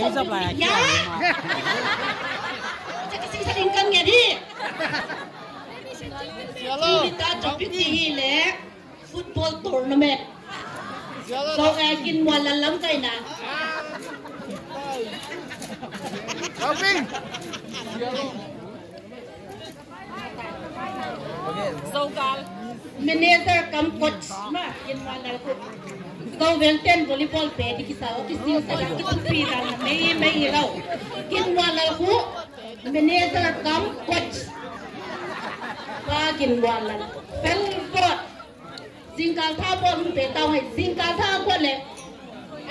Dạ. chắc 你執嚟呀！即係先先跟嘅啲。Ini kita topik ini le football tournament. Kau yakin malah lam kau na? Topik. Sokal. Manager come mà mah yakin malah coach gong vel ten volleyball pe di ki sao ki siu sa ki tu pi ra na me me lo kin wa la hu manager kam coach pa kin wa la fel bot jing kal tha bot hu pe tao hay jing kal tha ko le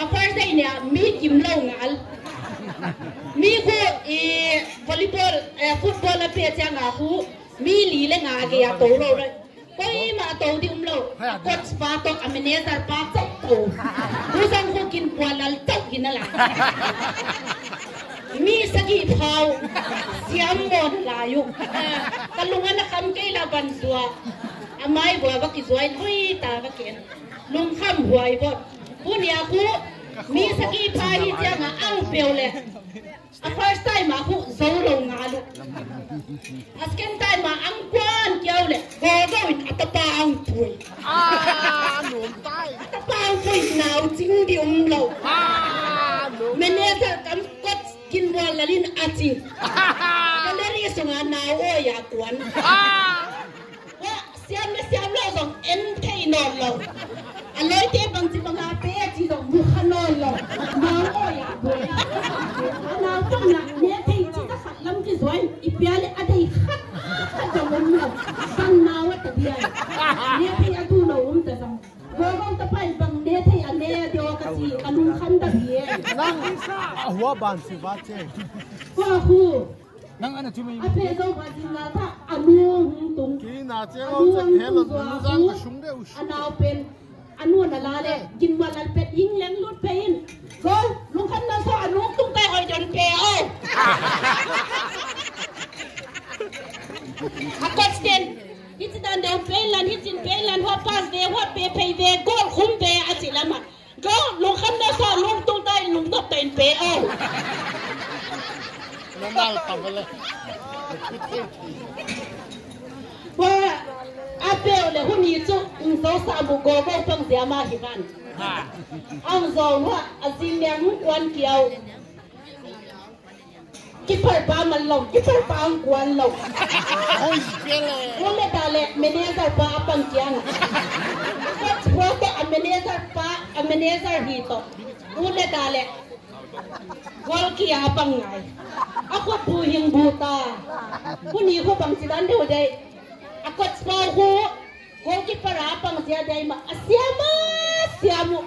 a phải sai ne mi kim lâu ngal mi ko e volleyball football football pe cha nga hu mi li um lâu, ge ba to lo ba ก็มาตัวดิมโลกดสปาตกอเมเนสปาตก sang là po. Usan là, kinpualal tau hinala. Mi sagi phaw siam mon layo. Kalungan na kam kay laban suwa. Amay bua ba ki suwai hui ta ba ken. Lung à, kham huai bot. Punya ku mi sagi phahi janga ang peole. A first time aku zolo ngalu. A second time ang kwan kiaule. Go go in atapa ang pui. Ah, nonta đi ông mình ich nau ting di umlau. Meneza kam kot kinwa lalin ati. Galeri sunga na o ya quan? kwan. Wa siam le siam lo song en tei no lo. Aloi te bang ti bang ape ti song bu khano lo. Na o ya kwan. Na tung na ne tei ti ta khat lam ki zoi ipiale adai khat. Khat jong lo. Bang na wa ta biai. อาบานสิบาเจ้าคู่นังอันจุ่มีกอันเป็นสองพันสิบาอันนูุ้หงตุงกินอาเจ้าอันนู้นหงตุงกูอันเอาเป็นอันนู้นอะไรเลยกินวันละเป็ดยิงเล่นรถเป็นก็ลุงขันนั่งสซอันนู้ตุ้งไตหอยจนเปรี้ยวอ่ะก็สิ่งยิ่งจะเดินเป็น้ลันยิ่งจะเปรี้ยวลันหัวป้าเดียวหัวเปรี้ยวเดียวก็คุ้มเดี้ยวอาจจะละมั้งก็ลุงขันนั่งอนลุง PO. Normal tanggal. Wa apeo le hun yi chu in so sa bu go go tong dia ma hi ban. Ha. Ang zo wa azin le mu kwan kiao. Ki par pa man long, ki par pa ang kwan long. Oi pele. Wa le ta le manager pa apang kiang. Ko ko a manager pa a manager hi to. Ule ta le apa ya pangai aku tu yang buta kuni ko bang silan de dai aku spau ko golkeeper apa sia dai ma asiama siamu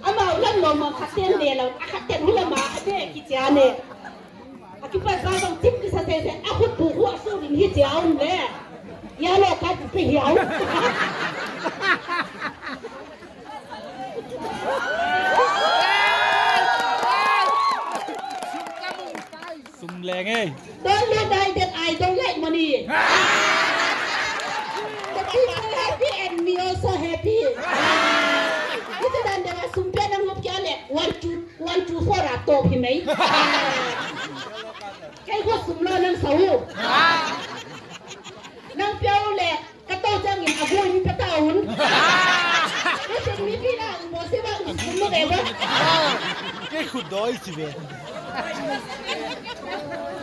ama ulan lo ma khaten de lo khaten hula ma ade ki aku akipa bang tip ki sa aku tu ko asu rin hi ya lo ka pihau. Why? Don't you know that I don't like money? the people happy and me also happy. Itu dan dewa sumpah dan ngop kiale one two one two four atau himai. Kayak gua sumlo nang sawu. Nang piau le katau jangan aku ini ketahuan. Kau jadi mimpi lah, mau sih bang, sumlo kayak gua. Kayak kudoy sih be.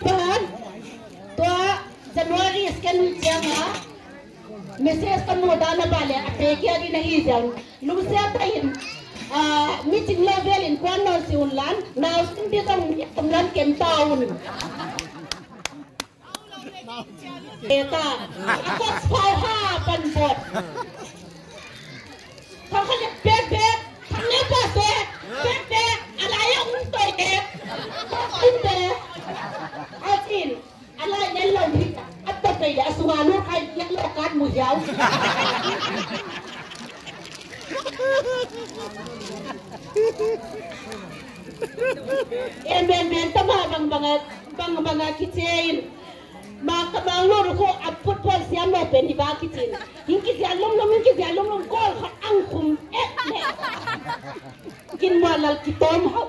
Tuan, tua Januari iskan jama Mesir iskan modana bale atekia di nahi jam Lusia tayin meeting level in kwan no si unlan na uskin di tong tumlan kem taun Eta, aku spau ha pan bot Emben ben tama bang bang bang bang kitin. Maka bang lor ko apot pol siya mo pen di ba kitin. Hinki siya lom lom hinki dia lom lom kol ko angkum. kum et eh, ne. Eh. Kin mo lal kitom ho.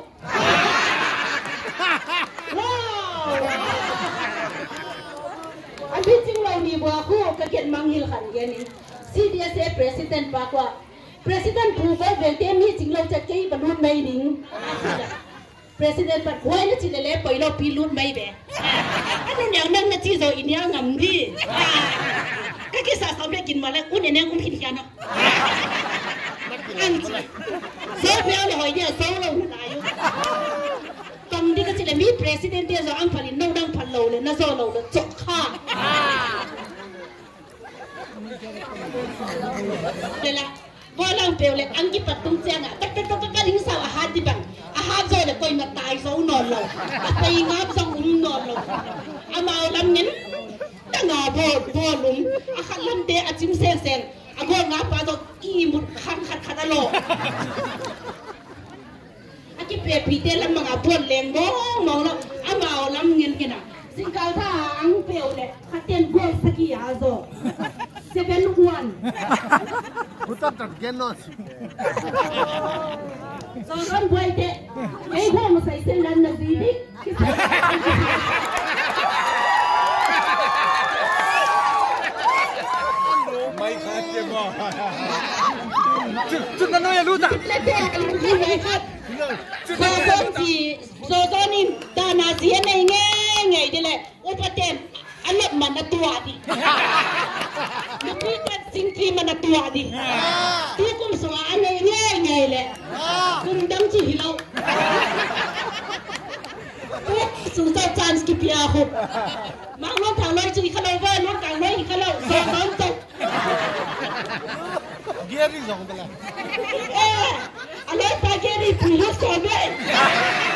Wow. Abi ting law ni bo ako kaket manghil kan gani. Si dia se president pa ko president về phuba velte mi jinglo chat ke balun mai ning president pat khoi na chile le poilo pi lun mai be anu nyang nang na chi sao inya ngam ri lại, ki sa sa cũng mala kia nó. Anh hin Sao phải pe al hoi ya lâu lo na yo đi cái ka chile mi president ya zo ang phali no dang phal lo le na zo lo le chok kha là tung à, tất tất volang peolek angki patung tianga tak tak tak tak ring saw ahad di bang ahad zo le koi matai zo no lo atai ngap zong um no lo amao lam nyen tanga bo bo lum akhat lam te achim sen sen ago nga pa zo ki mut khan khat khat lo aki pe pite lam mga bo leng mo mo lo amao lam nyen kena singkal tha ang peolek khaten go saki azo 7 1 kaptat gennosi sonkon boyde eyi komo say sellanna biiɗi tunanoya luta sokonji sokoni danasi yanayi ngey ngey dile upatem a lebmanna tuwaɗi atuwaadi ti kum soma anay ñay ñay le kum dam ci hilaw su sa chance ki piya ko ma lo ta lo ci xalaw ba lo ta lo ci xalaw so ban to geri zong bela eh ale ta geri pi lo so be